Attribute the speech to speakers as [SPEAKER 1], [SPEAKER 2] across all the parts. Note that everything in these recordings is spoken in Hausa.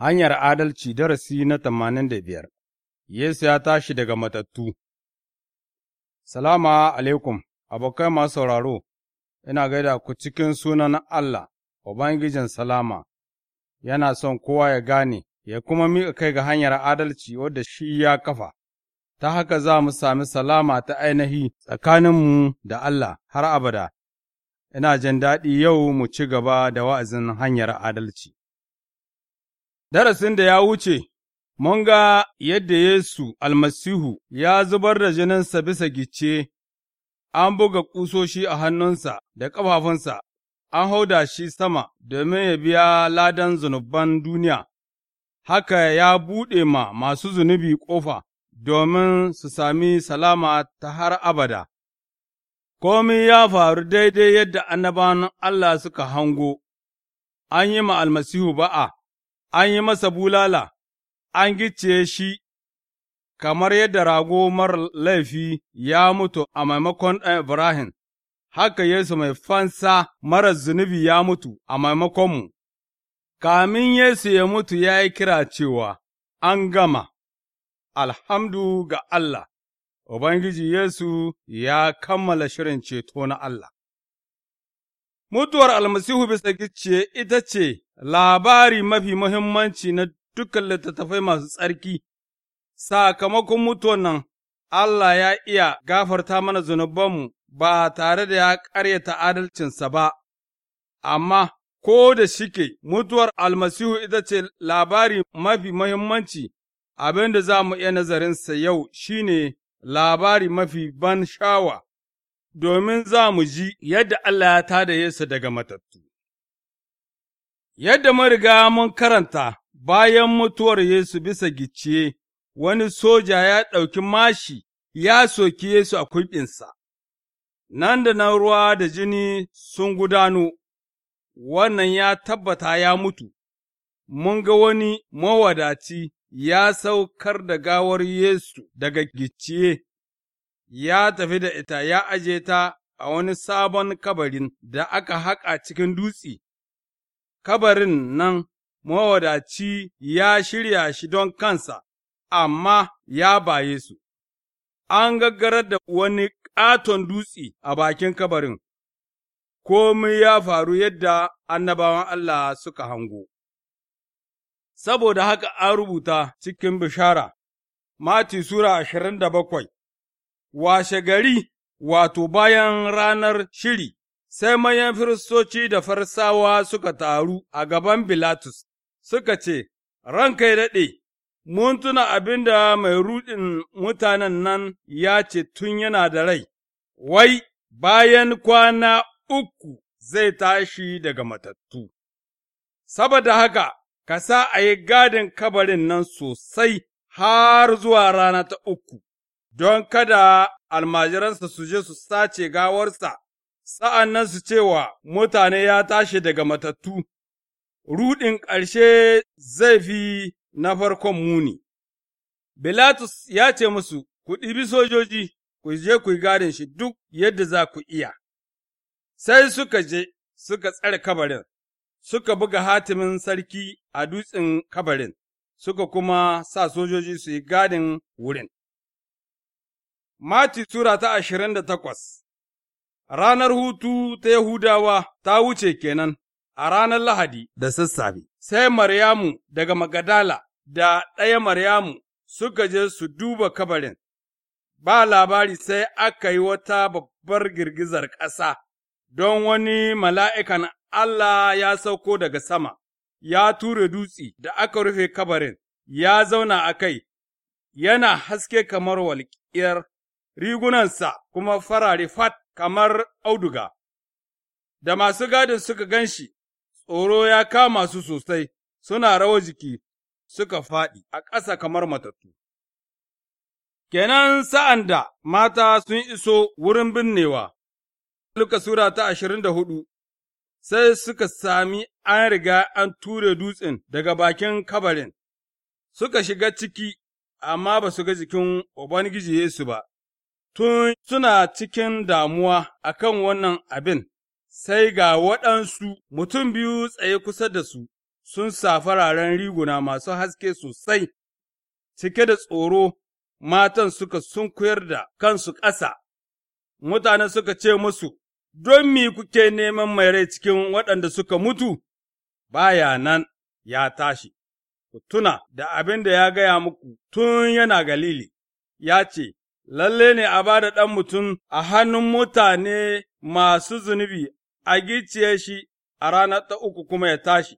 [SPEAKER 1] Hanyar adalci darasi na tamanin da biyar Yesu ya tashi daga matattu Salama alaikum, abokai masu sauraro, ina gaida ku cikin sunan Allah, Ubangijin Salama, yana son kowa ya gane, ya kuma miƙa kai ga hanyar adalci wadda shi ya kafa, ta haka za mu sami salama ta ainihi tsakaninmu da Allah har abada. Ina jin daɗi yau mu ci gaba da wa'azin hanyar adalci. Darasin da ya wuce, mun ga yadda Yesu almasihu ya zubar da jininsa bisa gice, an buga ƙusoshi a hannunsa da ƙafafunsa, an hauda shi sama domin ya biya ladan zunuban duniya, haka ya buɗe ma masu zunubi ƙofa domin su sami salama ta har abada. Komi ya faru daidai yadda annabawan Allah suka hango, an yi ma almasihu ba'a. an yi masa bulala, an gice shi, kamar yadda rago mar laifi ya mutu a maimakon ɗan Ibrahim, haka Yesu mai fansa marar zunubi ya mutu a maimakonmu. Kamin Yesu ya mutu ya yi kira cewa, An gama, alhamdu ga Allah, Ubangiji Yesu ya kammala shirin ceto na Allah. Mutuwar almasihu bisa gicciye ita ce labari mafi muhimmanci na dukkan littattafai masu tsarki, sakamakon mutuwar nan Allah ya iya gafarta mana zunubanmu ba tare da ya ƙaryata adalcinsa ba, amma ko da shike mutuwar almasihu ita ce labari mafi muhimmanci abin da za mu iya nazarinsa yau shine labari mafi ban sha'awa. domin za mu ji yadda Allah ya tada Yesu daga matattu. Yadda mariga mun karanta bayan mutuwar Yesu bisa gicciye, wani soja ya ɗauki mashi ya soki Yesu a kulɓinsa, nan da nan ruwa da jini sun gudano, wannan ya tabbata ya mutu, mun ga wani mawadaci ya saukar da gawar Yesu daga gicciye ya tafi da ita ya aje ta a wani sabon kabarin da aka haƙa cikin dutse, kabarin nan mawadaci ya shirya shi don kansa, amma ya baye su, an gaggarar da wani ƙaton dutse a bakin kabarin, komai ya faru yadda annabawan Allah suka hango. Saboda haka an rubuta cikin bishara, Mati Sura ashirin da bakwai. washe gari, wato bayan ranar shiri, sai manyan firistoci da farsawa suka taru a gaban Bilatus, suka ce, ran ya daɗe, mun tuna abin da mai ruɗin mutanen nan ya ce tun yana da rai, wai bayan kwana uku zai tashi daga matattu. Saboda haka, ka sa a yi gadin kabarin nan sosai har zuwa rana ta uku, don kada almajiransa su je su sace gawarsa, sa'an nan su cewa mutane ya tashi daga matattu, ruɗin ƙarshe zai fi na farkon muni. Bilatus ya ce musu, Ku ɗibi sojoji, ku je ku yi gadin shi duk yadda za ku iya. Sai suka je, suka tsare kabarin, suka buga hatimin sarki a dutsen kabarin, suka kuma sa sojoji su yi gadin wurin. Mati Sura ta ashirin da takwas Ranar hutu ta Yahudawa ta wuce kenan a ranar Lahadi da sassafe, sai Maryamu daga Magadala da ɗaya Maryamu suka je su duba kabarin, ba labari sai aka yi wata babbar girgizar ƙasa, don wani mala'ikan Allah ya sauko daga sama, ya ture dutse da aka rufe kabarin, ya zauna a kai, yana haske kamar walƙiyar rigunansa kuma farare fat kamar auduga, da masu gadin suka gan shi, tsoro ya kama su sosai, suna rawa jiki, suka faɗi a ƙasa kamar matattu. Kenan sa'an da mata sun iso wurin binnewa, Luka Sura ta ashirin da hudu, sai suka sami an riga an ture dutsen daga bakin kabarin, suka shiga ciki, amma ba su ga jikin Ubangiji Yesu ba. tun suna cikin damuwa a kan wannan abin, sai ga waɗansu mutum biyu tsaye kusa da su sun sa fararen riguna masu haske sosai, cike da tsoro matan suka sunkuyar da kansu ƙasa, mutane suka ce musu, Don mi kuke neman mai rai cikin waɗanda suka mutu, baya nan ya tashi, ku tuna da abin da ya gaya muku tun yana galili, ya ce, lalle ne a ba da ɗan mutum a hannun mutane masu zunubi, a gicciye shi a ranar ta uku kuma ya tashi,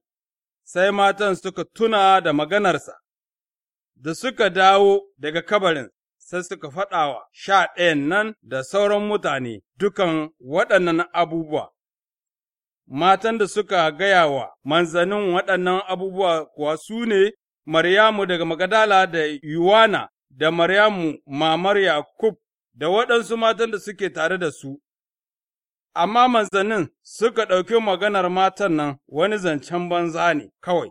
[SPEAKER 1] sai matan suka tuna da maganarsa, da suka dawo daga kabarin, sai suka faɗawa sha ɗayan nan da sauran mutane dukan waɗannan abubuwa. Matan da suka gaya wa manzanin waɗannan abubuwa kuwa su ne Maryamu daga Magadala da Yuwana da Maryamu mamar Yakub da waɗansu matan da suke tare da su, amma manzannin suka ɗauki maganar matan nan wani zancen banza ne kawai,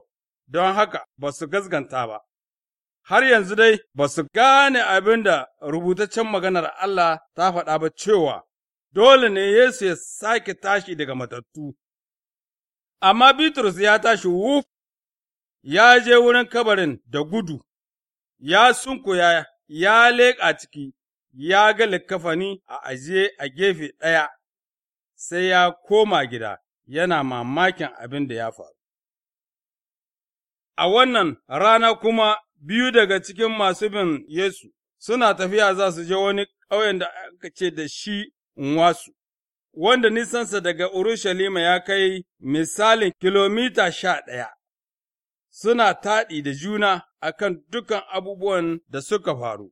[SPEAKER 1] don haka ba su gasganta ba. Har yanzu dai ba su gane abin da rubutaccen maganar Allah ta faɗa ba cewa dole ne Yesu ya sake tashi daga matattu. Amma Bitrus ya tashi wuf, ya je wurin kabarin da gudu, ya sunkuya ya leƙa ciki, ya ga likkafani a ajiye a gefe ɗaya, sai ya koma gida yana mamakin abin da ya faru. A wannan rana kuma biyu daga cikin masu bin Yesu suna tafiya za su je wani ƙauyen da aka ce da shi Nwasu, wanda nisansa daga Urushalima ya kai misalin kilomita sha ɗaya, suna taɗi da juna a kan dukan abubuwan da suka faru,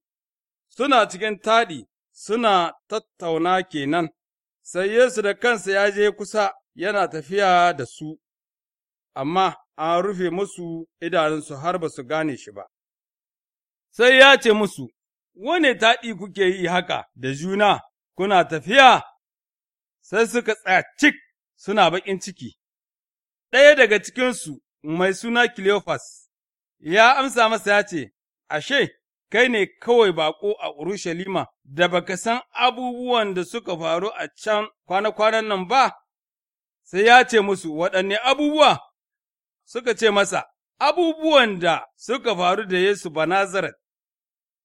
[SPEAKER 1] suna cikin taɗi suna tattauna kenan, sai Yesu da kansa ya je kusa yana tafiya da su, amma an rufe musu idanunsu har ba su gane shi ba. Sai ya ce musu, Wane taɗi kuke yi haka da juna, kuna tafiya? Sai suka tsaya cik suna baƙin ciki. Ɗaya daga cikinsu mai suna Cleophas ya amsa masa ya ce, Ashe, kai ne kawai baƙo a Urushalima da baka san abubuwan da suka faru a can kwana-kwanan nan ba, sai ya ce musu waɗanne abubuwa suka ce masa, Abubuwan da suka faru da Yesu Banazaret,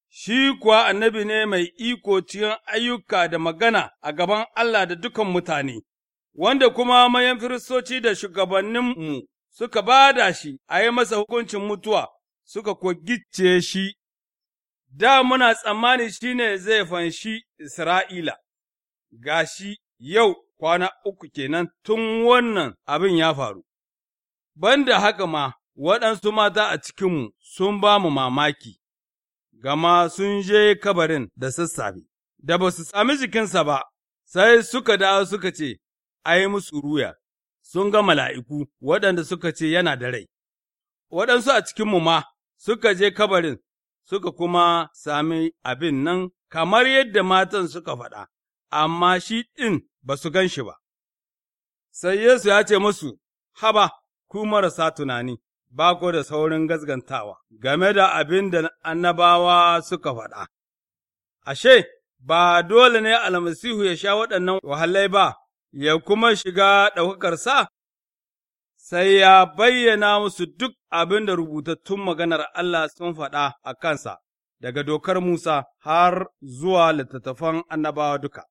[SPEAKER 1] shi kuwa annabi ne mai iko cikin ayyuka da magana a gaban Allah da dukan mutane, wanda kuma mayan firistoci da shugabanninmu suka ba da shi a yi masa hukuncin mutuwa, suka kuwa shi, da muna tsammani shi ne zai fanshi Isra'ila, ga shi yau kwana uku kenan tun wannan abin ya faru. Banda haka ma, waɗansu mata a cikinmu sun ba mu mamaki, gama sun je kabarin da sassafe, da ba su sami jikinsa ba, sai suka da suka ce, ai musu ruya. sun ga mala'iku waɗanda suka ce yana da rai, waɗansu a cikinmu ma suka je kabarin suka kuma sami abin nan kamar yadda matan suka faɗa, amma shi ɗin ba su gan shi ba. Sai Yesu ya ce musu, Haba, ku marasa tunani, ba ku da saurin gazgantawa game da abin da annabawa suka faɗa. Ashe, ba dole ne almasihu ya sha waɗannan wahalai ba, ya kuma shiga ɗaukakarsa, sai ya bayyana musu duk abin da rubutattun maganar Allah sun faɗa a kansa, daga dokar Musa har zuwa littattafan annabawa duka.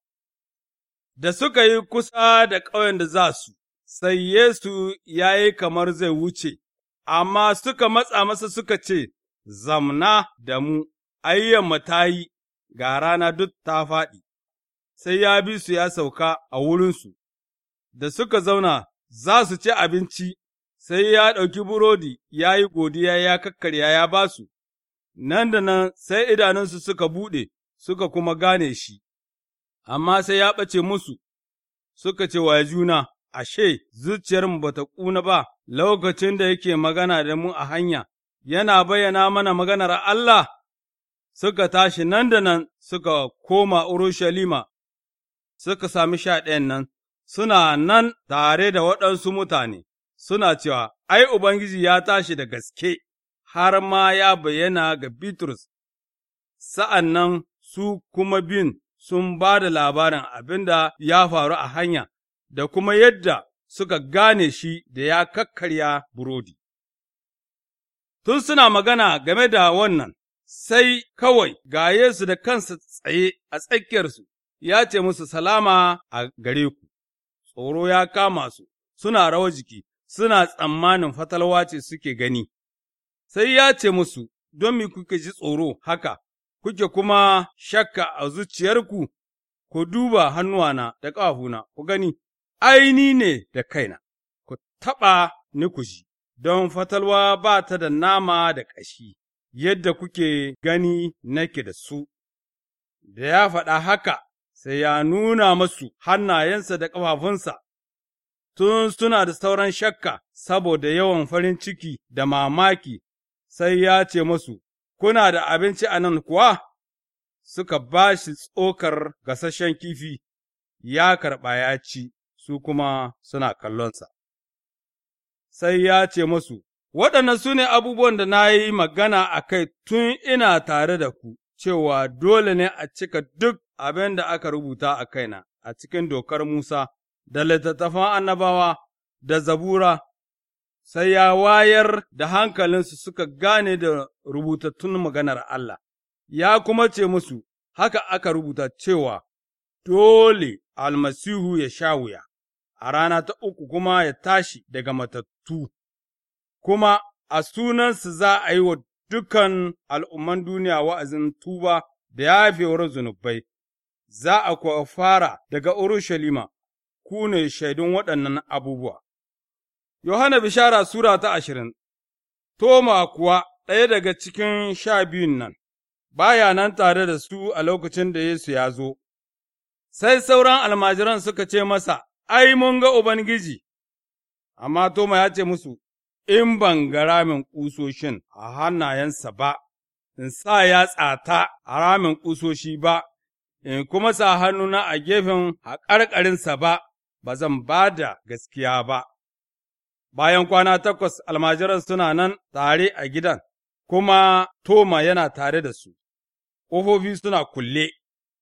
[SPEAKER 1] Da suka yi kusa da ƙauyen da za su, sai Yesu ya yi kamar zai wuce, amma suka matsa masa suka ce, Zamna da mu, ayyanmu ta yi, ga rana duk ta faɗi. sai ya bi su ya sauka a wurinsu, da suka zauna za su ci abinci, sai ya ɗauki burodi ya yi godiya ya kakkarya ya ba su, nan da nan sai idanunsu suka buɗe suka kuma gane shi, amma sai ya ɓace musu, suka ce wa juna, ashe, zuciyarmu ba ta ƙuna ba lokacin da yake magana da mu a hanya, yana bayyana mana maganar Allah. Suka tashi nan da nan suka koma Urushalima suka sami sha ɗayan nan, suna nan tare da waɗansu mutane, suna cewa, Ai, Ubangiji ya tashi da gaske, har ma ya bayyana ga Bitrus, sa'an nan su kuma bin sun ba da labarin abin da ya faru a hanya, da kuma yadda suka gane shi da ya kakkarya burodi. Tun suna magana game da wannan, sai kawai ga Yesu da kansa tsaye a tsakiyarsu, ya ce musu salama a gare ku, tsoro ya kama su, suna rawa jiki, suna tsammanin fatalwa ce suke gani. Sai ya ce musu, don mi kuke ji tsoro haka, kuke kuma shakka a zuciyarku, ku duba hannuwana da ƙafuna, ku gani, aini ne da kaina, ku taɓa ni ku ji, don fatalwa ba ta da nama da ƙashi, yadda kuke gani nake da su. Da ya faɗa haka, sai ya nuna masu hannayensa da ƙafafunsa, tun suna da sauran shakka saboda yawan farin ciki da mamaki, sai ya ce masu, Kuna da abinci a nan kuwa? Suka ba shi tsokar gasasshen kifi, ya karɓa ya ci, su kuma suna kallonsa. Sai ya ce masu, Waɗannan su ne abubuwan da na yi magana a kai tun ina tare da ku, cewa dole ne a cika duk abin da aka rubuta a kaina a cikin dokar Musa, da littattafan annabawa, da zabura, sai ya wayar da hankalinsu suka gane da rubutattun maganar Allah, ya kuma ce musu, haka aka rubuta cewa, dole almasihu ya sha wuya, a rana ta uku kuma ya tashi daga matattu, kuma a sunansu za a yi wa dukan al'umman duniya wa'azin tuba da yafewar zunubai, za a kuwa fara daga Urushalima, ku ne shaidun waɗannan abubuwa. Yohana Bishara Sura ta ashirin Toma kuwa ɗaya daga cikin sha biyun nan, baya nan tare da su a lokacin da Yesu ya zo, sai sauran almajiran suka ce masa, Ai, mun ga Ubangiji, amma Toma ya ce musu, In ban ga ramin ƙusoshin a hannayensa ba, in sa ya tsata a ramin ƙusoshi ba, in kuma sa hannuna a gefen haƙarƙarinsa ba, ba zan ba da gaskiya ba. Bayan kwana takwas almajiran suna nan tare a gidan, kuma Toma yana tare da su, ƙofofi suna kulle,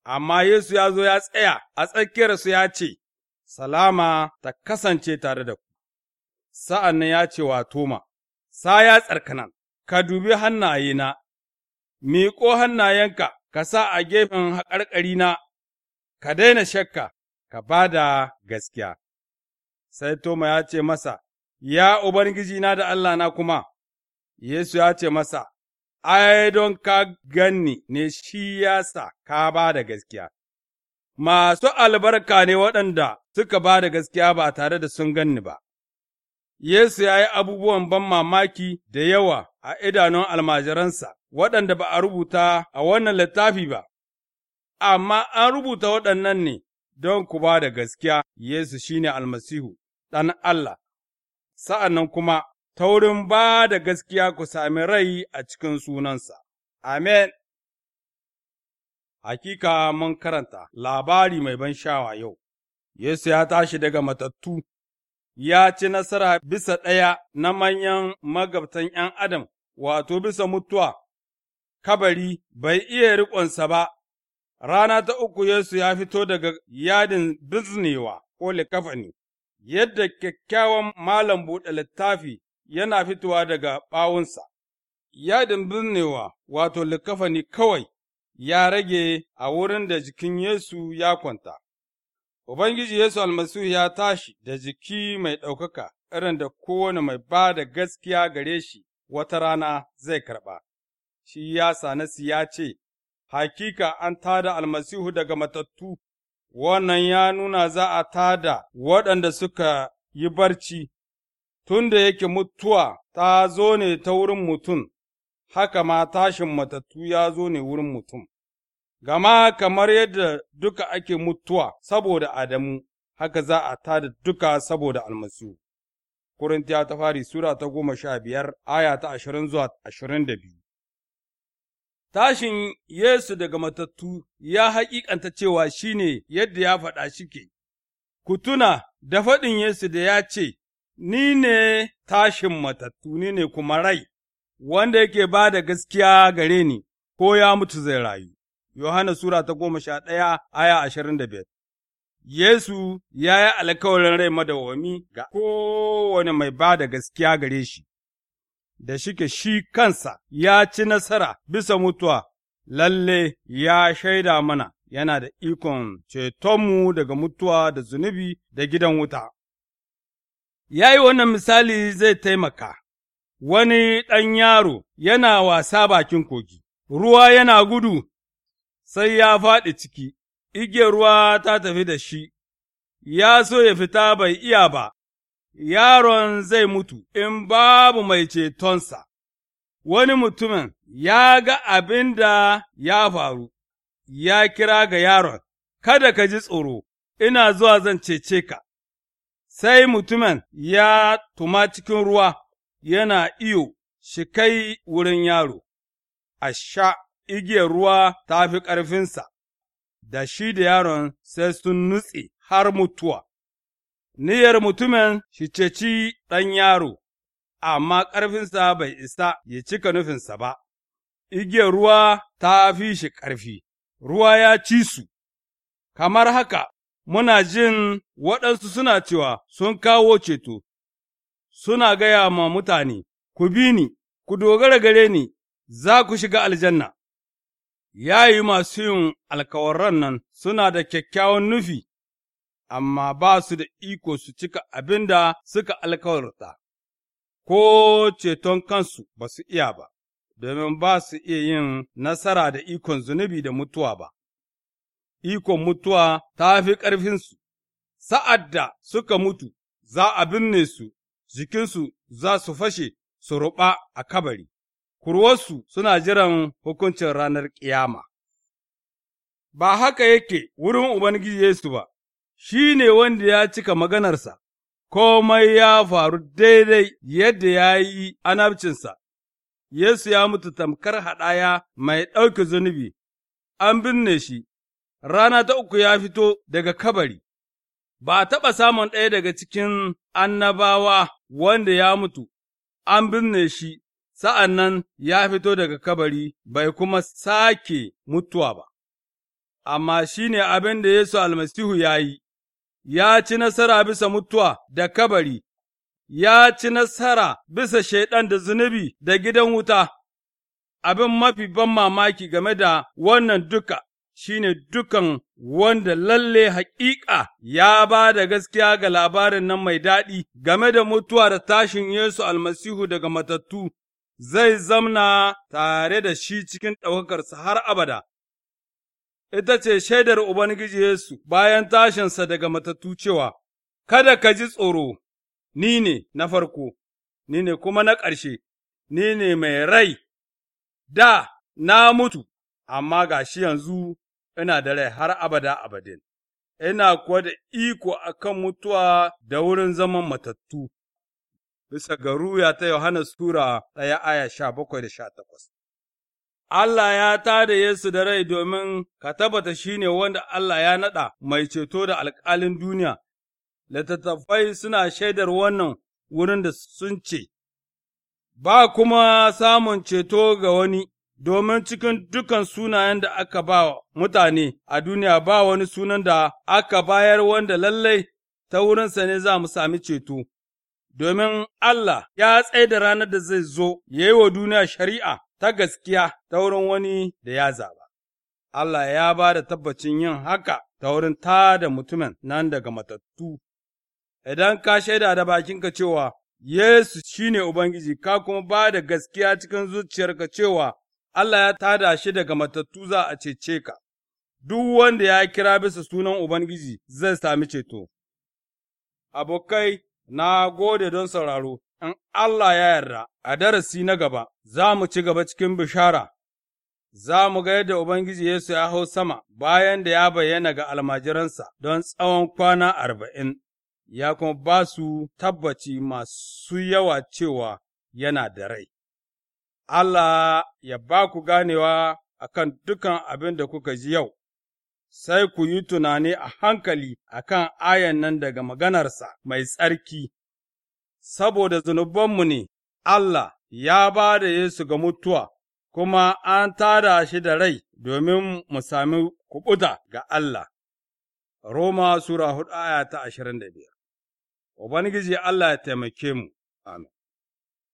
[SPEAKER 1] amma Yesu ya zo ya tsaya a tsakiyarsu ya ce, Salama ta kasance tare da ku, sa'an nan ya ce wa Toma, Sa ya tsarkanan, ka dubi hannayena, miƙo hannayenka ka sa a gefen haƙarƙarina, ka daina shakka, ka ba da gaskiya. Sai Toma ya ce masa, Ya Ubangiji na da Allah na kuma, Yesu ya ce masa, Ai, don ka ganni ne shi ya sa ka ba da gaskiya. Masu albarka ne waɗanda suka ba da gaskiya ba tare da sun ganni ba. Yesu ya yi abubuwan ban mamaki da yawa a idanun almajiransa, waɗanda ba a rubuta a wannan littafi ba, amma an rubuta waɗannan ne don ku ba da gaskiya Yesu shine almasihu, ɗan Allah, sa'an nan kuma ta wurin ba da gaskiya ku sami rai a cikin sunansa. Amen. Hakika mun karanta labari mai ban sha'awa yau, Yesu ya tashi daga matattu, ya ci nasara bisa ɗaya na manyan magabtan ’yan Adam, wato bisa mutuwa, kabari bai iya riƙonsa ba, rana ta uku Yesu ya fito daga yadin biznewa ko likafani, yadda kyakkyawan malam buɗe littafi yana fitowa daga ɓawunsa. Yadin biznewa wato likafani kawai ya rage a wurin da jikin Yesu ya kwanta. Ubangiji Yesu almasihu ya tashi da jiki mai ɗaukaka, irin da kowane mai ba da gaskiya gare shi wata rana zai karɓa. shi ya sanasi ya ce, Hakika an tada almasihu daga matattu, wannan ya nuna za a tada waɗanda suka yi barci, tun da yake mutuwa ta zo ne ta wurin mutum, haka ma tashin matattu ya zo ne wurin mutum. Gama kamar yadda duka ake mutuwa saboda Adamu, haka za a tada duka saboda almasihu. Kurintiya ta fari Sura ta goma sha biyar, aya ta ashirin zuwa ashirin da biyu. tashin Yesu daga matattu ya haƙiƙanta cewa shi ne yadda ya faɗa shi ke, ku tuna da faɗin Yesu da ya ce, Ni ne tashin matattu, ni ne kuma rai, wanda yake ba da gaskiya gare ni, ko ya mutu zai rayu. Yohana Sura ta goma sha ɗaya, aya ashirin da biyar. Yesu ya yi alkawarin rai madawwami ga kowane mai ba da gaskiya gare shi. da shike shi kansa ya ci nasara bisa mutuwa, lalle ya shaida mana yana da ikon cetonmu daga mutuwa da zunubi da gidan wuta. Ya yi wannan misali zai taimaka, wani ɗan yaro yana wasa bakin kogi, ruwa yana gudu, sai ya faɗi ciki, igiyar ruwa ta tafi da shi, ya so ya fita bai iya ba, yaron zai mutu in babu mai cetonsa. Wani mutumin ya ga abin da ya faru, ya kira ga yaron, Kada ka ji tsoro, ina zuwa zan cece ka, sai mutumin ya tuma cikin ruwa yana iyo shi kai wurin yaro, a sha igiyar ruwa ta fi ƙarfinsa, da shi da yaron sai sun nutse har mutuwa. niyyar mutumin shi ceci ɗan yaro, amma ƙarfinsa bai isa ya cika nufinsa ba, igiyar ruwa ta fi shi ƙarfi, ruwa ya ci su, kamar haka muna jin waɗansu suna cewa sun kawo ceto, suna gaya ma mutane, ku bi ni, ku dogara gare ni, za ku shiga aljanna. Yayi masu yin alkawarran nan suna da kyakkyawan nufi. amma ba su da iko su cika abin da suka alkawarta, ko ceton kansu ba su iya ba, domin ba su iya yin nasara da ikon zunubi da mutuwa ba. Ikon mutuwa ta fi ƙarfinsu, sa'ad da suka mutu za a binne su, jikinsu za su fashe su ruɓa a kabari, kurwarsu suna jiran hukuncin ranar ƙiyama. Ba haka yake wurin Ubangiji Yesu ba. shi ne wanda ya cika maganarsa, komai ya faru daidai yadda ya yi anabcinsa. Yesu ya mutu tamkar haɗaya mai ɗauke zunubi, an binne shi, rana ta uku ya fito daga kabari, ba a taɓa samun ɗaya daga cikin annabawa wanda ya mutu, an binne shi, sa'an nan ya fito daga kabari bai kuma sake mutuwa ba, amma shi ne abin da Yesu almasihu ya yi. ya ci nasara bisa mutuwa da kabari, ya ci nasara bisa shaiɗan da zunubi da gidan wuta. Abin mafi ban mamaki game da wannan duka shi ne dukan wanda lalle haƙiƙa ya ba da gaskiya ga labarin nan mai daɗi game da mutuwa da tashin Yesu almasihu daga matattu, zai zamna tare da shi cikin ɗaukakarsa har abada. ita ce shaidar Ubangiji Yesu bayan tashinsa daga matattu cewa, Kada ka ji tsoro, ni ne na farko, ni ne kuma na ƙarshe, ni ne mai rai, da na mutu, amma ga shi yanzu ina da rai har abada abadin, ina kuwa da iko a kan mutuwa da wurin zaman matattu. Bisa ga ruya ta Yohana Sura ɗaya aya sha bakwai da sha takwas. Allah ya tā da Yesu da rai domin ka tabbata shi ne wanda Allah ya naɗa mai ceto da alƙalin duniya, littattafai suna shaidar wannan wurin da sun ce, Ba kuma samun ceto ga wani, domin cikin dukan sunayen da aka ba mutane a duniya ba wani sunan da aka bayar wanda lallai ta wurinsa ne za mu sami ceto, domin Allah ya tsaye da ranar da zai zo ya yi wa duniya shari'a. ta gaskiya ta wurin wani da ya zaba. Allah ya ba da tabbacin yin haka ta wurin ta da mutumin nan daga matattu. Idan ka shaida da bakinka cewa Yesu shi ne Ubangiji, ka kuma ba da gaskiya cikin zuciyarka cewa Allah ya tada shi daga matattu za a cece ka, duk wanda ya kira bisa sunan Ubangiji zai sami ceto. Abokai, na gode don sauraro, in Allah ya yarda a darasi na gaba za mu ci gaba cikin bishara, za mu ga yadda Ubangiji Yesu ya hau sama bayan da ya bayyana ga almajiransa don tsawon kwana arba'in, ya kuma ba su tabbaci masu yawa cewa yana da rai. Allah ya ba ku ganewa a kan dukan abin da kuka ji yau, sai ku yi tunani a hankali a kan ayan nan daga maganarsa mai tsarki. saboda zunubanmu ne, Allah ya ba da Yesu ga mutuwa, kuma an tada shi da rai domin mu sami kuɓuta ga Allah. Roma Sura hudu aya ta ashirin da biyar Ubangiji Allah ya taimake mu, Amin.